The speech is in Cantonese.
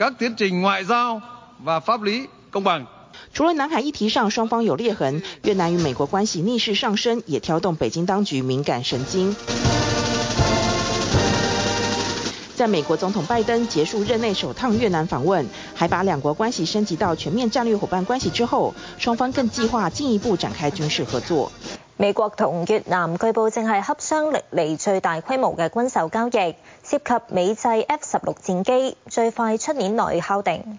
各天井外交和法律公平。除了南海議題上雙方有裂痕，越南與美國關係逆勢上升，也挑動北京當局敏感神經。在美國總統拜登結束任內首趟越南訪問，還把兩國關係升級到全面戰略伙伴關係之後，雙方更計劃進一步展開軍事合作。美國同越南據報正係洽商歷嚟最大規模嘅軍售交易，涉及美製 F 十六戰機，最快出年內敲定。